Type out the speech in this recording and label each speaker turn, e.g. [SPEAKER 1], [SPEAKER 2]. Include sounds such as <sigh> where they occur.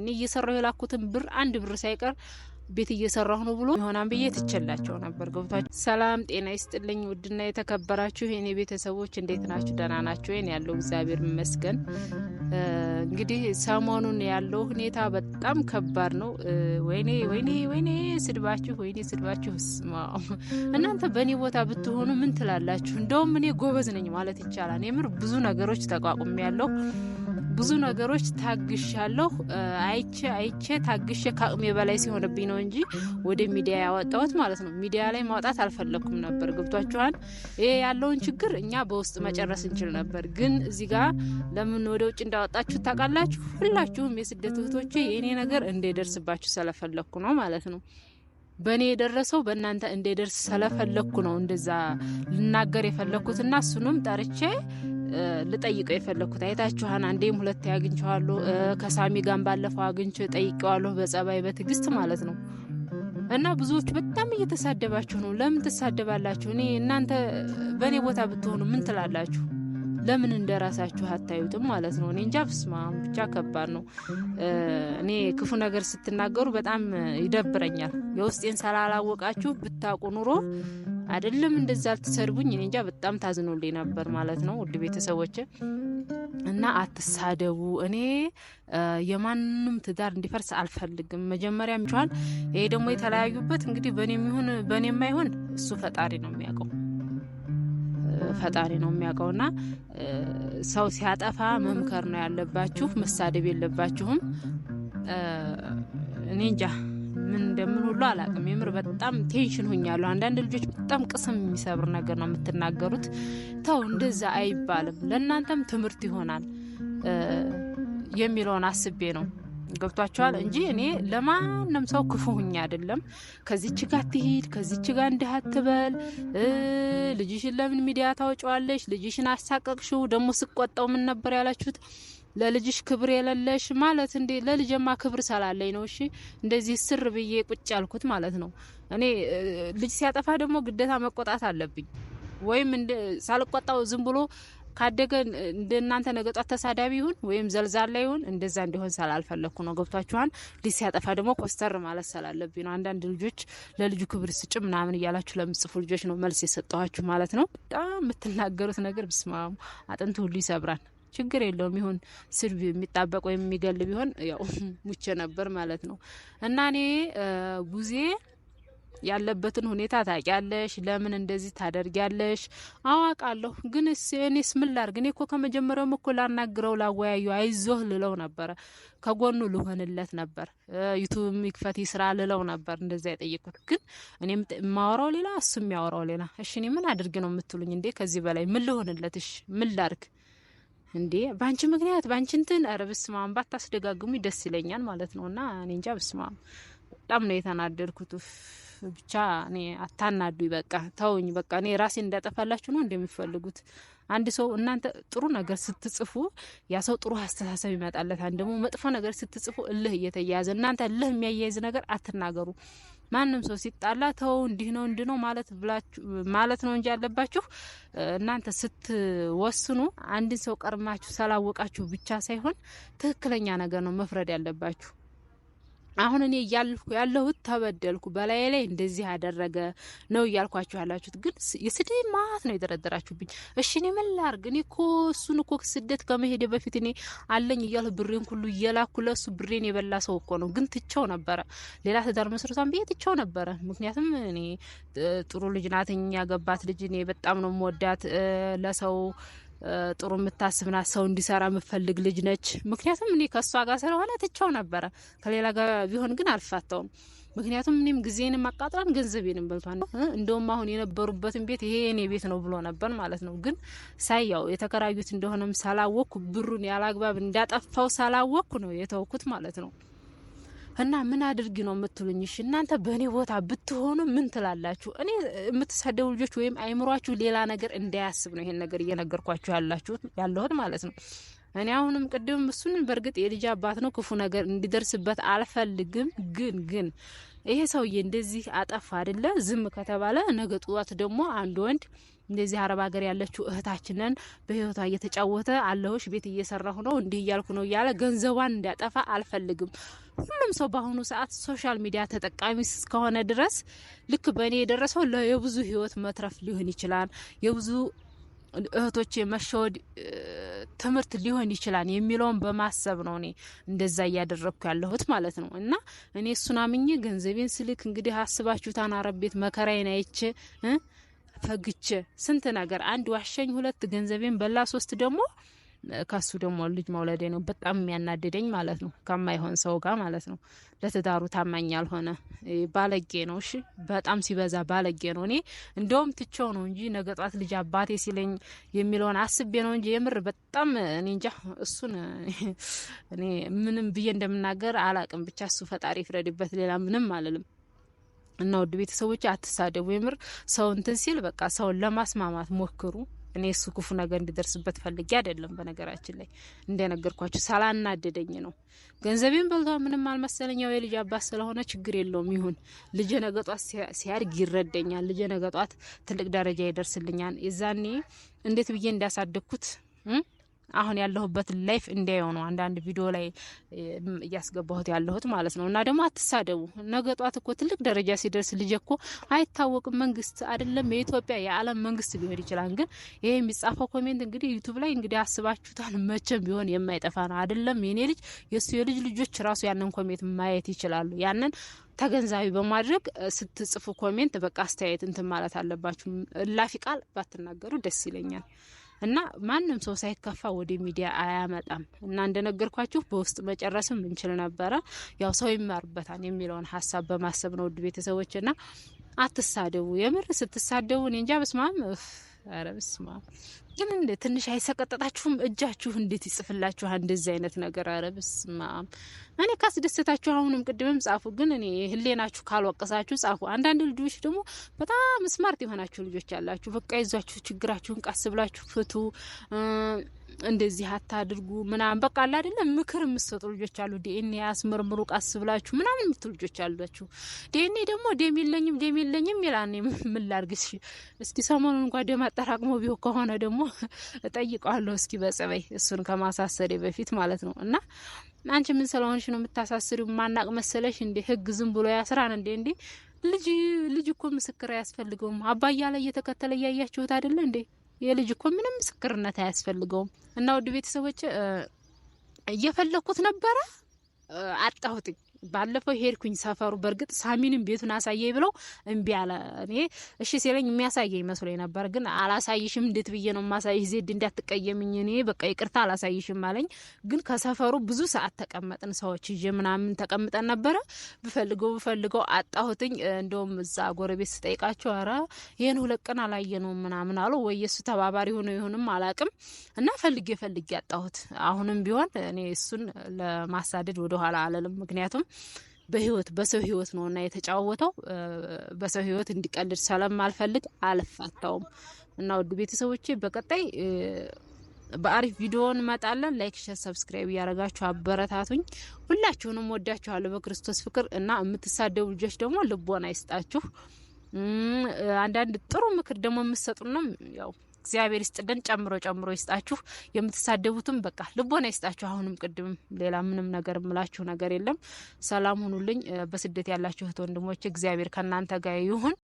[SPEAKER 1] እኔ እየሰራሁ የላኩትን ብር አንድ ብር ሳይቀር ቤት እየሰራሁ ነው ብሎ የሆናን ብዬ ትችላቸው ነበር። ገብቷቸው። ሰላም ጤና ይስጥልኝ። ውድና የተከበራችሁ የኔ ቤተሰቦች እንዴት ናችሁ? ደህና ናቸው ወይን ያለው እግዚአብሔር ይመስገን። እንግዲህ ሰሞኑን ያለው ሁኔታ በጣም ከባድ ነው። ወይኔ ወይኔ ወይኔ ስድባችሁ፣ ወይኔ ስድባችሁ። እናንተ በእኔ ቦታ ብትሆኑ ምን ትላላችሁ? እንደውም እኔ ጎበዝ ነኝ ማለት ይቻላል። የምር ብዙ ነገሮች ተቋቁሚ ያለው ብዙ ነገሮች ታግሻለሁ። አይቼ አይቼ ታግሼ ከአቅሜ በላይ ሲሆንብኝ ነው እንጂ ወደ ሚዲያ ያወጣሁት ማለት ነው። ሚዲያ ላይ ማውጣት አልፈለግኩም ነበር። ገብቷችኋል? ይሄ ያለውን ችግር እኛ በውስጥ መጨረስ እንችል ነበር፣ ግን እዚህ ጋር ለምን ወደ ውጭ እንዳወጣችሁ ታውቃላችሁ። ሁላችሁም የስደት እህቶቼ የእኔ ነገር እንዳይደርስባችሁ ስለፈለግኩ ነው ማለት ነው። በእኔ የደረሰው በእናንተ እንዳይደርስ ስለፈለግኩ ነው እንደዛ ልናገር የፈለግኩትና እሱንም ጠርቼ ልጠይቀው የፈለግኩት አይታችኋን፣ አንዴም ሁለቴ አግኝቼዋለሁ። ከሳሚ ጋር ባለፈው አግኝቼ ጠይቀዋለሁ በጸባይ በትግስት ማለት ነው። እና ብዙዎቹ በጣም እየተሳደባችሁ ነው። ለምን ትሳደባላችሁ? እኔ እናንተ በእኔ ቦታ ብትሆኑ ምን ትላላችሁ? ለምን እንደ ራሳችሁ አታዩትም ማለት ነው። እኔ እንጃ ብስማ ብቻ ከባድ ነው። እኔ ክፉ ነገር ስትናገሩ በጣም ይደብረኛል። የውስጤን ስላላወቃችሁ ብታውቁ ኑሮ አይደለም እንደዛ አልተሰድቡኝ። እኔ እንጃ በጣም ታዝኖልኝ ነበር ማለት ነው ውድ ቤተሰቦች እና አትሳደቡ። እኔ የማንም ትዳር እንዲፈርስ አልፈልግም። መጀመሪያ የሚችዋል ይሄ ደግሞ የተለያዩበት እንግዲህ በእኔ የሚሆን በእኔ የማይሆን እሱ ፈጣሪ ነው የሚያውቀው ፈጣሪ ነው ና ሰው ሲያጠፋ መምከር ነው ያለባችሁ፣ መሳደብ የለባችሁም። እኔ እንጃ ምን እንደምን ሁሉ አላቅም። የምር በጣም ቴንሽን ሆኛለሁ። አንዳንድ ልጆች በጣም ቅስም የሚሰብር ነገር ነው የምትናገሩት። ተው እንደዛ አይባልም። ለእናንተም ትምህርት ይሆናል የሚለውን አስቤ ነው ገብቷቸዋል እንጂ እኔ ለማንም ሰው ክፉ ሁኝ አይደለም። ከዚች ጋ ትሂድ፣ ከዚች ጋ እንዲህ አትበል፣ ልጅሽን ለምን ሚዲያ ታውጫዋለሽ? ልጅሽን አሳቀቅሽው። ደግሞ ስቆጣው ምን ነበር ያላችሁት? ለልጅሽ ክብር የለለሽ ማለት እንዴ? ለልጅማ ክብር ሰላለኝ ነው። እሺ እንደዚህ ስር ብዬ ቁጭ ያልኩት ማለት ነው። እኔ ልጅ ሲያጠፋ ደግሞ ግዴታ መቆጣት አለብኝ ወይም ሳልቆጣው ዝም ብሎ ካደገ እንደ እናንተ ተሳዳቢ ይሁን ወይም ዘልዛላ ይሁን እንደዛ እንዲሆን ስላልፈለግኩ ነው። ገብቷችኋል? ልጅ ሲያጠፋ ደግሞ ኮስተር ማለት ስላለብኝ ነው። አንዳንድ ልጆች ለልጁ ክብር ስጭ ምናምን እያላችሁ ለምጽፉ ልጆች ነው መልስ የሰጠኋችሁ ማለት ነው። በጣም የምትናገሩት ነገር ብስማሙ አጥንት ሁሉ ይሰብራል። ችግር የለውም ይሁን ስድብ የሚጣበቅ ወይም የሚገል ቢሆን ያው <laughs> ሙቼ ነበር ማለት ነው። እና እኔ ቡዜ ያለበትን ሁኔታ ታውቂያለሽ። ለምን እንደዚህ ታደርጊያለሽ? አዋቃለሁ፣ ግን እኔስ ምን ላድርግ? እኔ እኮ ከመጀመሪያውም እኮ ላናግረው፣ ላወያየው፣ አይዞህ ልለው ነበረ፣ ከጎኑ ልሆንለት ነበር፣ ዩቱብ ይክፈት ስራ ልለው ነበር። እንደዛ የጠየቁት ግን እኔም የማወራው ሌላ፣ እሱ የሚያወራው ሌላ። እሺ እኔ ምን አድርግ ነው የምትሉኝ እንዴ? ከዚህ በላይ ምን ልሆንለት? እሺ ምን ላድርግ? እንዴ በአንቺ ምክንያት በአንቺ እንትን ኧረ በስመ አብ ባታስደጋግሙ ደስ ይለኛል ማለት ነው። እና እኔ እንጃ በስመ አብ በጣም ነው የተናደድኩት። ብቻ እኔ አታናዱ፣ በቃ ተውኝ። በቃ እኔ ራሴ እንዳጠፋላችሁ ነው እንደሚፈልጉት። አንድ ሰው እናንተ ጥሩ ነገር ስትጽፉ ያ ሰው ጥሩ አስተሳሰብ ይመጣለታል። ደግሞ መጥፎ ነገር ስትጽፉ እልህ እየተያያዘ እናንተ እልህ የሚያያይዝ ነገር አትናገሩ። ማንም ሰው ሲጣላ ተው እንዲህ ነው እንዲህ ነው ማለት ብላችሁ ማለት ነው እንጂ ያለባችሁ እናንተ ስትወስኑ አንድን ሰው ቀርማችሁ ሳላወቃችሁ ብቻ ሳይሆን ትክክለኛ ነገር ነው መፍረድ ያለባችሁ። አሁን እኔ እያልኩ ያለሁት ተበደልኩ፣ በላይ ላይ እንደዚህ ያደረገ ነው እያልኳችሁ ያላችሁት፣ ግን የስድብ ማት ነው የደረደራችሁብኝ። እሺ እኔ ምን ላርግ? እኔ እኮ እሱን እኮ ስደት ከመሄድ በፊት እኔ አለኝ እያልሁ ብሬን ሁሉ እየላኩ ለሱ ብሬን የበላ ሰው እኮ ነው። ግን ትቸው ነበረ፣ ሌላ ትዳር መስረቷን ብዬ ትቸው ነበረ። ምክንያቱም እኔ ጥሩ ልጅ ናት፣ ያገባት ልጅ እኔ በጣም ነው የምወዳት ለሰው ጥሩ የምታስብና ሰው እንዲሰራ የምፈልግ ልጅ ነች። ምክንያቱም እኔ ከእሷ ጋር ስለሆነ ትቸው ነበረ። ከሌላ ጋር ቢሆን ግን አልፋተውም ምክንያቱም እኔም ጊዜንም አቃጥላን ገንዘቤንም በልቷል። እንደውም አሁን የነበሩበትን ቤት ይሄ የኔ ቤት ነው ብሎ ነበር ማለት ነው። ግን ሳያው የተከራዩት እንደሆነም ሳላወቅኩ ብሩን ያላግባብ እንዳጠፋው ሳላወቅኩ ነው የተውኩት ማለት ነው። እና ምን አድርጊ ነው የምትሉኝ? እሺ እናንተ በእኔ ቦታ ብትሆኑ ምን ትላላችሁ? እኔ የምትሳደቡ ልጆች ወይም አይምሯችሁ ሌላ ነገር እንዳያስብ ነው ይሄን ነገር እየነገርኳችሁ ያላችሁት ያለሁት ማለት ነው። እኔ አሁንም ቅድም እሱንም በእርግጥ የልጅ አባት ነው ክፉ ነገር እንዲደርስበት አልፈልግም። ግን ግን ይሄ ሰውዬ እንደዚህ አጠፋ አይደለ ዝም ከተባለ ነገ ጥዋት ደግሞ አንድ ወንድ እንደዚህ አረብ ሀገር ያለችው እህታችንን በህይወቷ እየተጫወተ አለሁሽ ቤት እየሰራሁ ነው እንዲህ እያልኩ ነው እያለ ገንዘቧን እንዲያጠፋ አልፈልግም። ሁሉም ሰው በአሁኑ ሰዓት ሶሻል ሚዲያ ተጠቃሚ እስከሆነ ድረስ ልክ በእኔ የደረሰው የብዙ ህይወት መትረፍ ሊሆን ይችላል የብዙ እህቶቼ መሸወድ ትምህርት ሊሆን ይችላል የሚለውን በማሰብ ነው እኔ እንደዛ እያደረግኩ ያለሁት ማለት ነው። እና እኔ እሱን አምኜ ገንዘቤን ስልክ እንግዲህ አስባችሁታን አረብ ቤት መከራዬን አይቼ ፈግቼ ስንት ነገር አንድ ዋሸኝ፣ ሁለት ገንዘቤን በላ፣ ሶስት ደግሞ ከሱ ደግሞ ልጅ መውለዴ ነው በጣም የሚያናድደኝ ማለት ነው። ከማይሆን ሰው ጋር ማለት ነው። ለትዳሩ ታማኝ ያልሆነ ባለጌ ነው። እሺ፣ በጣም ሲበዛ ባለጌ ነው። እኔ እንደውም ትቼው ነው እንጂ ነገ ጧት ልጅ አባቴ ሲለኝ የሚለውን አስቤ ነው እንጂ የምር በጣም እኔ እንጃ እሱን <laughs> እኔ ምንም ብዬ እንደምናገር አላቅም። ብቻ እሱ ፈጣሪ ፍረድበት፣ ሌላ ምንም አልልም። እና ውድ ቤተሰቦች አትሳደቡ። የምር ሰው እንትን ሲል በቃ ሰውን ለማስማማት ሞክሩ። እኔ እሱ ክፉ ነገር እንዲደርስበት ፈልጌ አይደለም። በነገራችን ላይ እንደነገርኳችሁ ሳላናደደኝ ነው። ገንዘቤን በልቷ ምንም አልመሰለኛው። የልጅ አባት ስለሆነ ችግር የለውም ይሁን። ልጅ ነገጧት ሲያድግ ይረደኛል። ልጅ ነገጧት ትልቅ ደረጃ ይደርስልኛል። የዛኔ እንዴት ብዬ እንዳሳደግኩት አሁን ያለሁበትን ላይፍ እንዲያየው ነው አንዳንድ ቪዲዮ ላይ እያስገባሁት ያለሁት ማለት ነው። እና ደግሞ አትሳደቡ። ነገ ጧት እኮ ትልቅ ደረጃ ሲደርስ ልጅ እኮ አይታወቅም። መንግስት አይደለም የኢትዮጵያ የዓለም መንግስት ሊሆን ይችላል። ግን ይሄ የሚጻፈው ኮሜንት እንግዲህ ዩቱብ ላይ እንግዲህ አስባችሁታል። <laughs> መቼም ቢሆን የማይጠፋ ነው። አይደለም የኔ ልጅ የእሱ የልጅ ልጆች ራሱ ያንን ኮሜንት ማየት ይችላሉ። ያንን ተገንዛቢ በማድረግ ስትጽፉ ኮሜንት በቃ አስተያየት እንትን ማለት አለባችሁ። እላፊ ቃል ባትናገሩ ደስ ይለኛል። እና ማንም ሰው ሳይከፋ ወደ ሚዲያ አያመጣም እና እንደነገርኳችሁ በውስጥ መጨረስም እንችል ነበረ። ያው ሰው ይማርበታል የሚለውን ሀሳብ በማሰብ ነው ውድ ቤተሰቦች። ና አትሳደቡ። የምር ስትሳደቡ እኔ እንጃ በስማም ኧረ በስመ አብ ግን እንደ ትንሽ አይሰቀጠጣችሁም? እጃችሁ እንዴት ይጽፍላችኋል እንደዚህ አይነት ነገር? ኧረ በስመ አብ እኔ ካስደሰታችሁ አሁንም ቅድምም ጻፉ፣ ግን እኔ ህሌናችሁ ካልወቀሳችሁ ጻፉ። አንዳንድ ልጆች ደግሞ በጣም ስማርት የሆናችሁ ልጆች አላችሁ። በቃ ይዟችሁ ችግራችሁን ቀስ ብላችሁ ፍቱ። እንደዚህ አታድርጉ ምናምን በቃ አለ አይደለም ምክር የምትሰጡ ልጆች አሉ። ዲኤንኤ አስመርምሩ ቀስ ብላችሁ ምናምን የምትሉ ልጆች አሏችሁ። ዲኤንኤ ደግሞ ደም የለኝም ደም የለኝም ይላል። ምን ላርግ እስኪ ሰሞኑን እንኳ ደም አጠራቅሞ ቢሆ ከሆነ ደግሞ እጠይቀዋለሁ እስኪ በጸበይ እሱን ከማሳሰሬ በፊት ማለት ነው እና አንቺ ምን ስለሆንሽ ነው የምታሳስሪ? ማናቅ መሰለሽ እንዴ? ህግ ዝም ብሎ ያስራን እንዴ? እንዴ ልጅ ልጅ እኮ ምስክር አያስፈልገውም። አባያ ላይ እየተከተለ እያያችሁት አይደለ እንዴ? የልጅ እኮ ምንም ምስክርነት አያስፈልገውም። እና ውድ ቤተሰቦች እየፈለኩት ነበረ አጣሁትኝ። ባለፈው ሄድኩኝ ሰፈሩ። በእርግጥ ሳሚንም ቤቱን አሳየኝ ብለው እምቢ አለ። እኔ እሺ ሲለኝ የሚያሳየኝ መስሎኝ ነበር፣ ግን አላሳይሽም። እንዴት ብዬ ነው ማሳይሽ? ዜድ እንዳትቀየምኝ፣ እኔ በቃ ይቅርታ አላሳይሽም አለኝ። ግን ከሰፈሩ ብዙ ሰዓት ተቀመጥን፣ ሰዎች ይዤ ምናምን ተቀምጠን ነበረ። ብፈልገው ብፈልገው አጣሁትኝ። እንደውም እዛ ጎረቤት ስጠይቃቸው አረ ይህን ሁለት ቀን ነው ምናምን አሉ። ወይ የእሱ ተባባሪ ሆነ ይሆንም አላቅም። እና ፈልጌ ፈልጌ አጣሁት። አሁንም ቢሆን እኔ እሱን ለማሳደድ ወደኋላ አለልም፣ ምክንያቱም በህይወት በሰው ህይወት ነው እና የተጫወተው። በሰው ህይወት እንዲቀልድ ስለማልፈልግ አልፋታውም እና ውድ ቤተሰቦቼ በቀጣይ በአሪፍ ቪዲዮ እንመጣለን። ላይክ፣ ሸር፣ ሰብስክራይብ እያደረጋችሁ አበረታቱኝ። ሁላችሁንም ወዳችኋለሁ በክርስቶስ ፍቅር እና የምትሳደቡ ልጆች ደግሞ ልቦና አይስጣችሁ። አንዳንድ ጥሩ ምክር ደግሞ የምትሰጡንም ያው እግዚአብሔር ይስጥልን፣ ጨምሮ ጨምሮ ይስጣችሁ። የምትሳደቡትም በቃ ልቦና ይስጣችሁ። አሁንም ቅድም ሌላ ምንም ነገር የምላችሁ ነገር የለም። ሰላም ሁኑልኝ። በስደት ያላችሁ እህት ወንድሞች እግዚአብሔር ከእናንተ ጋር ይሁን።